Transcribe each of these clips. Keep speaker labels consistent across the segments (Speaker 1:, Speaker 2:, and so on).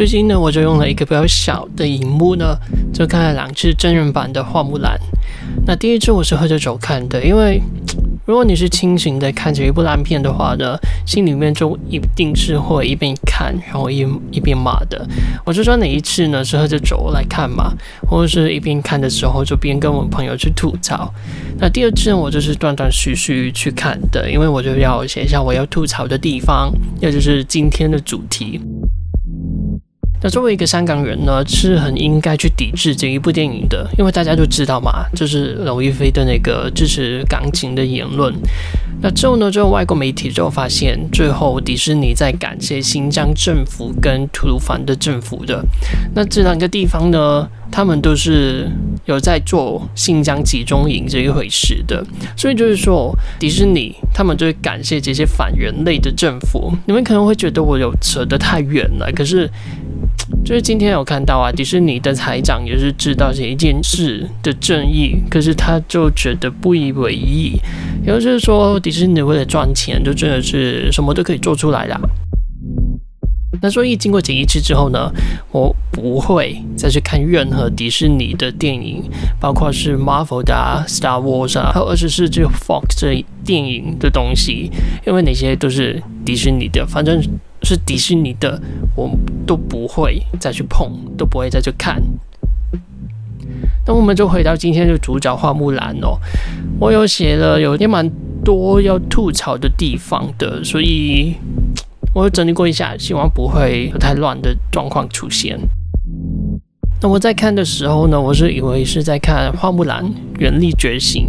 Speaker 1: 最近呢，我就用了一個比較小的熒幕呢，就看了兩次真人版的《花木蘭》。那第一次我是喝着酒看的，因為如果你是清醒的看着一部爛片的話呢，心裡面就一定是會一邊看然後一一邊罵的。我就說哪一次呢？是喝着酒來看嘛，或者是一邊看的時候就邊跟我朋友去吐槽。那第二次呢，我就是斷斷續續去看的，因為我就要寫一下我要吐槽的地方，也就是今天的主題。那作為一個香港人呢，是很應該去抵制這一部電影的，因為大家都知道嘛，就是劉亦菲的那個支持港警的言論。那之後呢，就外國媒體就發現，最後迪士尼在感謝新疆政府跟吐魯番的政府的。那這兩個地方呢，他們都是。有在做新疆集中營這一回事的，所以就是說，迪士尼他們就會感謝這些反人類的政府。你們可能會覺得我有扯得太遠了，可是就是今天有看到啊，迪士尼的台長也是知道這一件事的正義，可是他就覺得不以為意。也就是說，迪士尼為了賺錢，就真的是什麼都可以做出來的、啊。那所以經過這一次之後呢，我不會再去看任何迪士尼的電影，包括是 Marvel、啊、Star Wars、啊、還有二十世紀 Fox 這電影的東西，因為那些都是迪士尼的，反正，是迪士尼的，我都不會再去碰，都不會再去看。那我們就回到今天的主角花木蘭哦，我有寫了有點蠻多要吐槽的地方的，所以。我整理過一下，希望不會有太亂的狀況出現。那我在看的時候呢，我是以為是在看《花木蘭：原力覺醒》，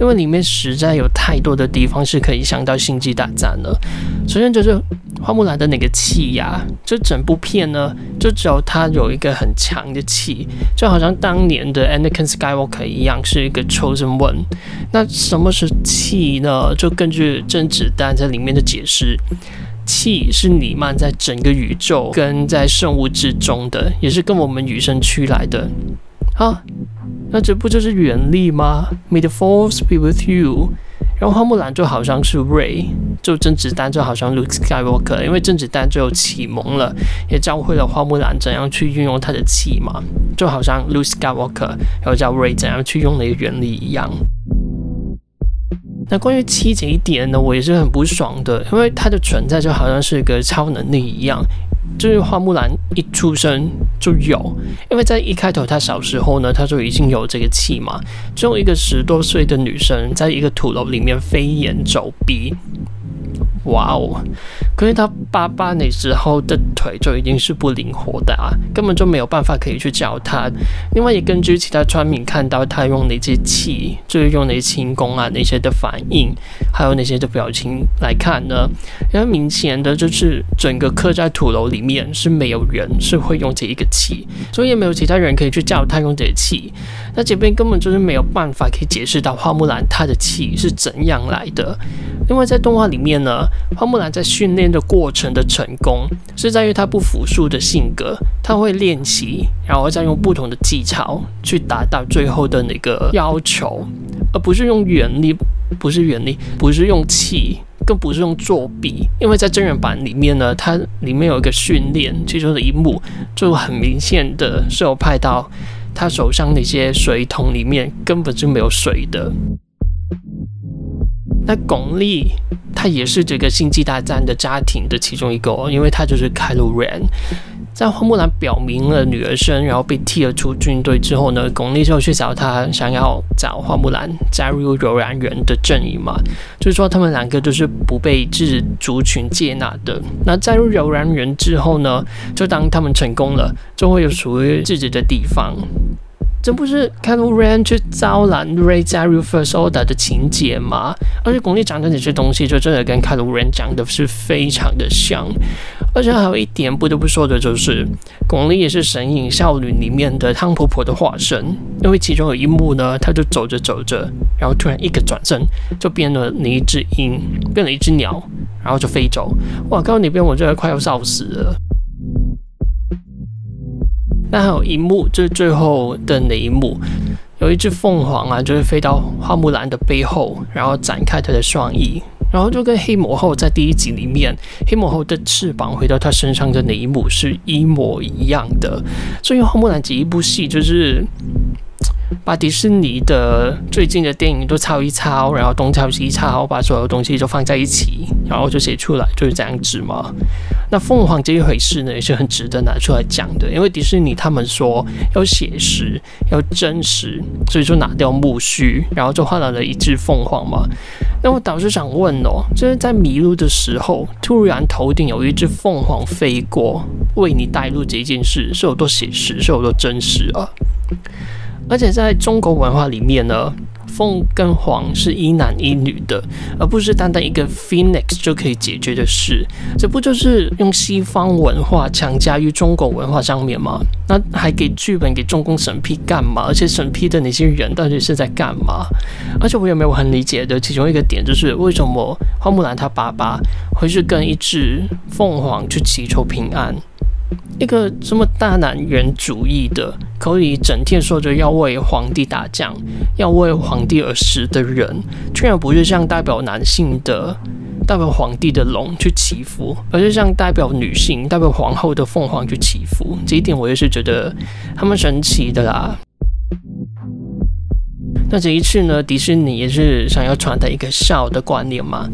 Speaker 1: 因為裡面實在有太多的地方是可以想到《星際大戰》了。首先就是花木蘭的那個氣啊，就整部片呢，就只有他有一個很強的氣，就好像當年的 Anakin Skywalker 一樣，是一個 Chosen One。那什麼是氣呢？就根據甄子丹在裡面的解釋。氣是彌漫在整個宇宙，跟在生物之中的，也是跟我們與生俱來的。啊，那這不就是原力嗎？May the Force be with you。然後花木蘭就好像是 Ray，就甄子丹就好像 Luke Skywalker，因為甄子丹最後啟蒙了，也教會了花木蘭怎樣去運用他的氣嘛，就好像 Luke Skywalker 然後教 Ray 怎樣去用那個原力一樣。那關於氣這一點呢，我也是很不爽的，因為它的存在就好像是一個超能力一樣，就是花木蘭一出生就有，因為在一開頭她小時候呢，她就已經有這個氣嘛，就一個十多歲的女生，在一個土樓裡面飛檐走壁哇哦！可是他爸爸那時候的腿就已經是不靈活的啊，根本就沒有辦法可以去教他。另外，也根據其他村民看到他用那些氣，就是用那些輕功啊，那些的反應，還有那些的表情來看呢，因為明顯的就是整個刻在土樓裡面是沒有人是會用這一個氣，所以也沒有其他人可以去教他用這些氣。那這邊根本就是沒有辦法可以解釋到花木蘭她的氣是怎樣來的。另外，在動畫裡面呢。花木蘭在訓練的過程的成功，是在於她不服輸的性格。她會練習，然後再用不同的技巧去達到最後的那個要求，而不是用原力，不是原力，不是用氣，更不是用作弊。因為在真人版裡面呢，它裡面有一個訓練，其中的一幕，就很明顯的是有拍到他手上那些水桶裡面根本就沒有水的。那鞏俐，她也是這個星際大戰的家庭的其中一個，因為她就是 Kylo Ren。在花木蘭表明了女兒身，然後被踢了出軍隊之後呢，鞏俐就去找她，想要找花木蘭加入柔然人的陣營嘛。就是說，他們兩個都是不被自己族群接納的。那加入柔然人之後呢，就當他們成功了，就會有屬於自己的地方。這不是凱路燕去招攬雷加·魯 o 斯· d e r 的情節嗎？而且鞏俐講的這些東西，就真的跟凱路燕講的是非常的像。而且還有一點不得不說的就是，鞏俐也是《神隱少女》裡面的湯婆婆的化身，因為其中有一幕呢，她就走着走着，然後突然一個轉身，就變了一隻鷹，變了一隻鳥，然後就飛走。哇，剛剛那邊我真的快要笑死了。那還有一幕，就是最後的那一幕，有一隻鳳凰啊，就是飛到花木蘭的背後，然後展開它的雙翼，然後就跟黑魔後在第一集裡面，黑魔後的翅膀回到她身上的那一幕是一模一樣的。所以花木蘭這一部戲就是。把迪士尼的最近的電影都抄一抄，然後東抄西抄，把所有東西都放在一起，然後就寫出來，就是這樣子嘛。那鳳凰這一回事呢，也是很值得拿出來講的，因為迪士尼他們說要寫實，要真實，所以說拿掉木須，然後就換來了一隻鳳凰嘛。那我倒是想問哦，就是在迷路的時候，突然頭頂有一隻鳳凰飛過，為你帶路這件事，是有多寫實，是有多真實啊？而且在中國文化裡面呢，鳳跟凰，是一男一女的，而不是單單一個 Phoenix 就可以解決的事。這不就是用西方文化強加於中國文化上面嗎？那還給劇本給中共審批幹嘛？而且審批的那些人到底是在幹嘛？而且我也沒有很理解的其中一個點就是，為什麼花木蘭她爸爸會去跟一隻鳳凰去祈求平安？一個這麼大男人主義的，口裡整天說着要為皇帝打仗，要為皇帝而死的人，居然不是像代表男性的、代表皇帝的龍去祈福，而是像代表女性、代表皇後的鳳凰去祈福，這一點我也是覺得他們神奇的啦。那這一次呢，迪士尼也是想要傳達一個孝的觀念嘛？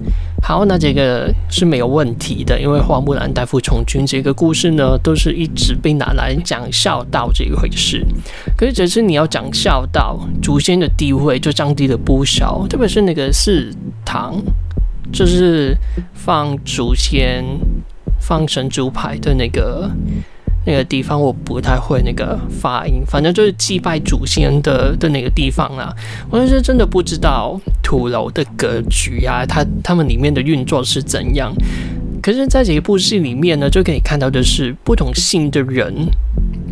Speaker 1: 好，那這個是沒有問題的，因為花木蘭代父從軍這個故事呢，都是一直被拿來講孝道這一回事。可是這次你要講孝道，祖先的地位就降低了不少，特別是那個祠堂，就是放祖先放神主牌的那個那個地方，我不太會那個發音，反正就是祭拜祖先的的那個地方啊，我是真的不知道。土樓的格局呀、啊，它它們裡面的運作是怎樣？可是，在這一部戲裡面呢，就可以看到的是不同姓的人，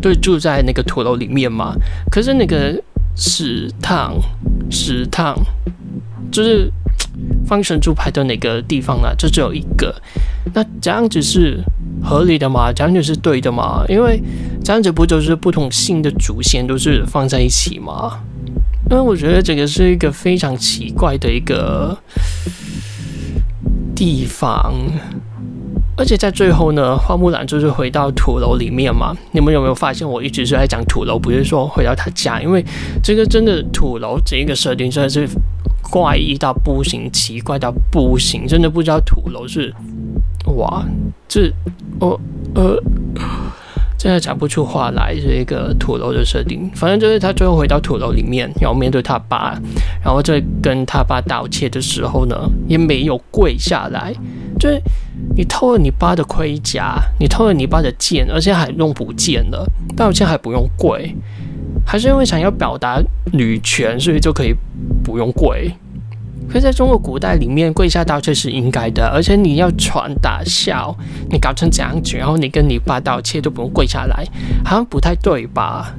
Speaker 1: 都住在那個土樓裡面嘛。可是那個祠堂，祠堂就是放神主牌的哪個地方呢、啊？就只有一個。那這樣子是合理的嘛？這樣子是對的嘛。因為這樣子不就是不同姓的祖先都是放在一起嘛。因為我覺得這個是一個非常奇怪的一個地方，而且在最後呢，花木蘭就是回到土樓裡面嘛。你們有沒有發現，我一直是在講土樓，不是說回到他家？因為這個真的土樓這個設定真的是怪異到不行，奇怪到不行，真的不知道土樓是……哇，這……呃、哦、呃。現在講不出話來，這個土樓的設定，反正就是他最後回到土樓裡面，然後面對他爸，然後在跟他爸道歉的時候呢，也沒有跪下來。就是你偷了你爸的盔甲，你偷了你爸的劍，而且還弄不見了，道歉還不用跪，還是因為想要表達女權，所以就可以不用跪。可是在中國古代裡面，跪下道歉是應該的，而且你要傳大孝，你搞成這樣子，然後你跟你爸道歉都不用跪下來，好像不太對吧？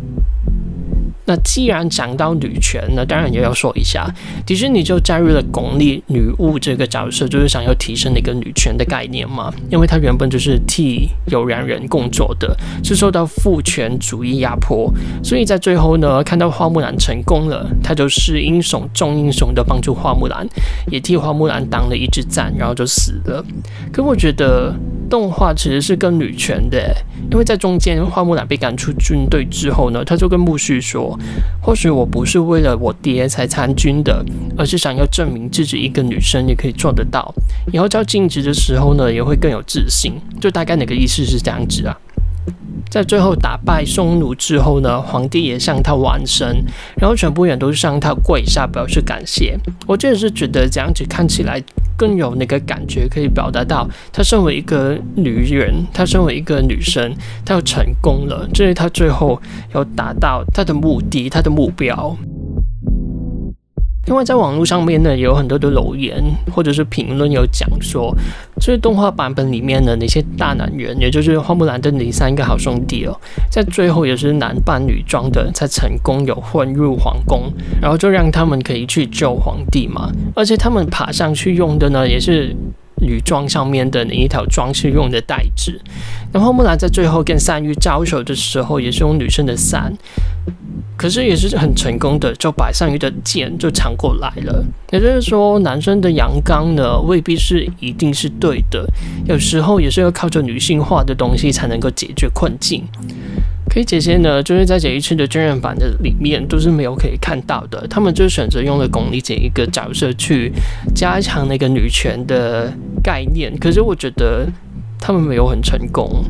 Speaker 1: 那既然講到女權呢，那當然也要說一下，迪士尼就加入了鞏俐女巫這個角色，就是想要提升一個女權的概念嘛。因為她原本就是替有緣人，人工作的，是受到父權主義壓迫，所以在最後呢，看到花木蘭成功了，她就是英雄重英雄的幫助花木蘭，也替花木蘭擋了一支箭，然後就死了。可我覺得動畫其實是更女權的，因為在中間花木蘭被趕出軍隊之後呢，她就跟木須說。或許我不是為了我爹才參軍的，而是想要證明自己一個女生也可以做得到。以後照鏡子的時候呢，也會更有自信。就大概那個意思是這樣子啊。在最後打敗匈奴之後呢，皇帝也向他彎身，然後全部人都向他跪下表示感謝。我這也是覺得這樣子看起來更有那個感覺，可以表達到她身為一個女人，她身為一個女生，她要成功了，這是她最後要達到她的目的，她的目標。另外，在網絡上面呢，也有很多的留言或者是評論，有講說，所以、就是、動畫版本裡面呢，那些大男人，也就是花木蘭的那三個好兄弟哦、喔，在最後也是男扮女裝的，才成功有混入皇宮，然後就讓他們可以去救皇帝嘛。而且他們爬上去用的呢，也是。女裝上面的那一條裝飾用的帶子，然後木蘭在最後跟單於招手的時候，也是用女生的傘，可是也是很成功的，就把單於的劍就搶過來了。也就是說，男生的陽剛呢，未必是一定是對的，有時候也是要靠着女性化的東西才能夠解決困境。所以這些呢，就是在這一次的真人版的裡面都是沒有可以看到的。他們就選擇用了鞏俐這一個角色去加強那個女權的概念。可是我覺得他們沒有很成功，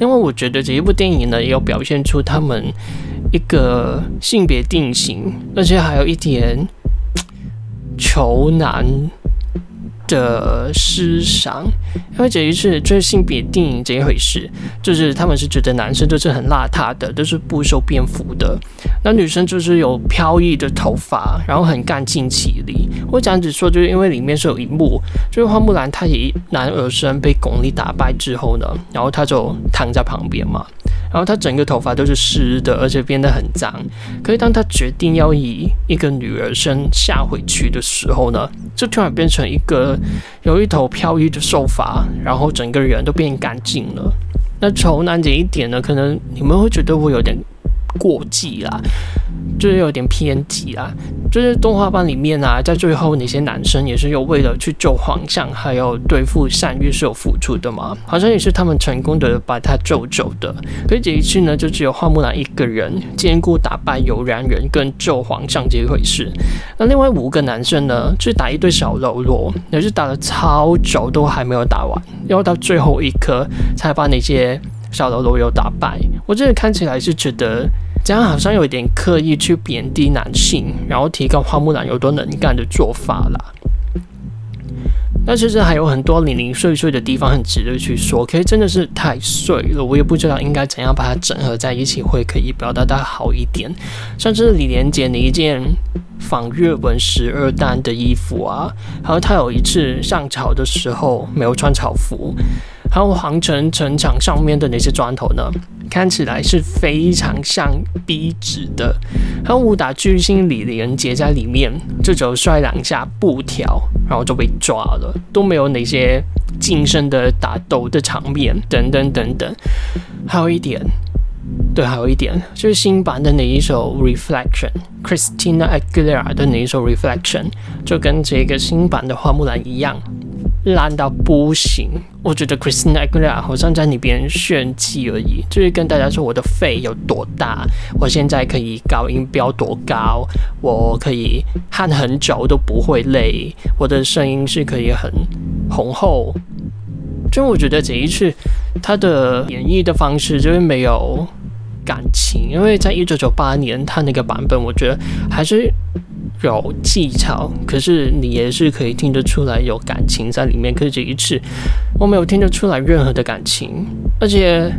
Speaker 1: 因為我覺得這一部電影呢，也有表現出他們一個性別定型，而且還有一點嘖，求男。的思想，因為這一次就是性別電影這一回事，就是他們是覺得男生就是很邋遢的，都是不修邊幅的，那女生就是有飄逸的頭髮，然後很乾淨齊麗。我這樣子說，就是因為裡面是有一幕，就是花木蘭她以男兒身被鞏俐打敗之後呢，然後她就躺在旁邊嘛。然後她整個頭髮都是濕的，而且變得很髒。可是當她決定要以一個女兒身下回去的時候呢，就突然變成一個有一頭飄逸的秀髮，然後整個人都變乾淨了。那醜難點一點呢，可能你們會覺得我有點。過激啦，就是有點偏激啦，就是動畫版裡面啊，在最後那些男生也是有為了去救皇上，還有對付單於是有付出的嘛。好像也是他們成功的把他救走的。所以這一次呢，就只有花木蘭一個人兼顧打敗柔然人跟救皇上這一回事。那另外五個男生呢，去、就是、打一對小嘍囉，也是打了超久都還沒有打完，要到最後一刻才把那些。小嘍囉有打敗，我真的看起來是覺得這樣好像有點刻意去貶低男性，然後提高花木蘭有多能幹的做法啦。但其實還有很多零零碎碎的地方很值得去說，可是真的是太碎了，我也不知道應該怎樣把它整合在一起會可以表達得好一點。像是李連杰的一件仿日文十二單的衣服啊，還有他有一次上朝的時候沒有穿朝服。還有皇城城牆上面的那些磚頭呢，看起來是非常像壁紙的。還有武打巨星李連杰在裡面，就只有摔兩下布條，然後就被抓了，都沒有那些近身的打鬥的場面，等等等等。還有一點，對，還有一點就是新版的那一首《Reflection》，Christina Aguilera 的那一首《Reflection》，就跟這個新版的花木蘭一樣。爛到不行，我覺得 Christina Aguilera 好像在那邊炫技而已，就是跟大家說我的肺有多大，我現在可以高音飆多高，我可以喊很久都不會累，我的聲音是可以很渾厚。就我覺得這一次他的演繹的方式就是沒有感情，因為在一九九八年他那個版本，我覺得還是。有技巧，可是你也是可以聽得出來有感情在裡面。可是這一次，我沒有聽得出來任何的感情。而且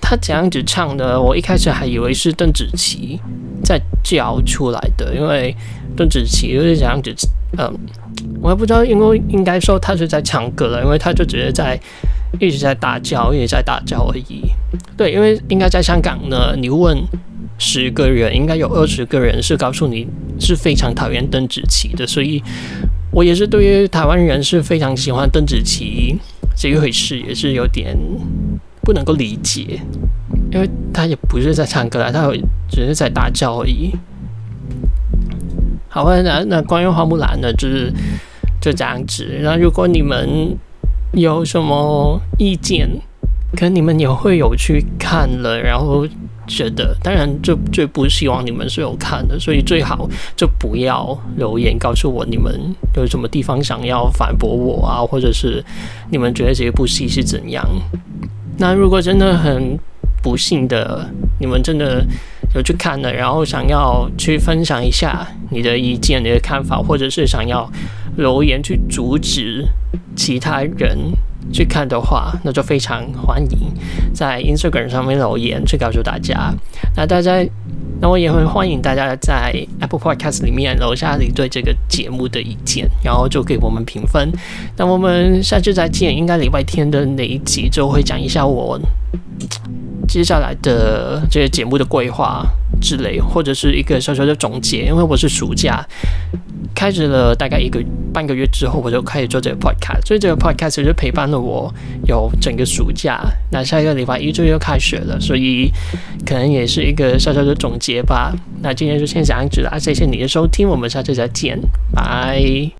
Speaker 1: 他這樣子唱的，我一開始還以為是鄧紫棋在叫出來的，因為鄧紫棋就是這樣子。嗯，我也不知道，因為應該說他是在唱歌了，因為他就只是在一直在大叫，一直在大叫而已。對，因為應該在香港呢，你問十個人，應該有二十個人是告訴你是非常討厭鄧紫棋的，所以我也是對於台灣人是非常喜歡鄧紫棋這一回事，也是有點不能夠理解，因為他也不是在唱歌啊，他只是在大叫而已。好了、啊，那那關於花木蘭呢，就是就這樣子。那如果你們有什麼意見，可能你們也會有去看了，然後。是的，當然就，最最不希望你們是有看的，所以最好就不要留言告訴我你們有什麼地方想要反駁我啊，或者是你們覺得這部戲是怎樣。那如果真的很不幸的，你們真的有去看了，然後想要去分享一下你的意見、你的看法，或者是想要留言去阻止其他人。去看的話，那就非常歡迎在 Instagram 上面留言去告訴大家。那大家，那我也會歡迎大家在 Apple Podcast 裡面留下你對這個節目的意見，然後就給我們評分。那我們下次再見，應該禮拜天的那一集就會講一下我接下來的這個節目的規劃。之類，或者是一個小小的總結，因為我是暑假開始了大概一個半個月之後，我就開始做這個 podcast，所以這個 podcast 就陪伴了我有整個暑假。那下一個禮拜一就要開學了，所以可能也是一個小小的總結吧。那今天就先講到這了，啊、謝謝你的收聽，我們下次再見，拜。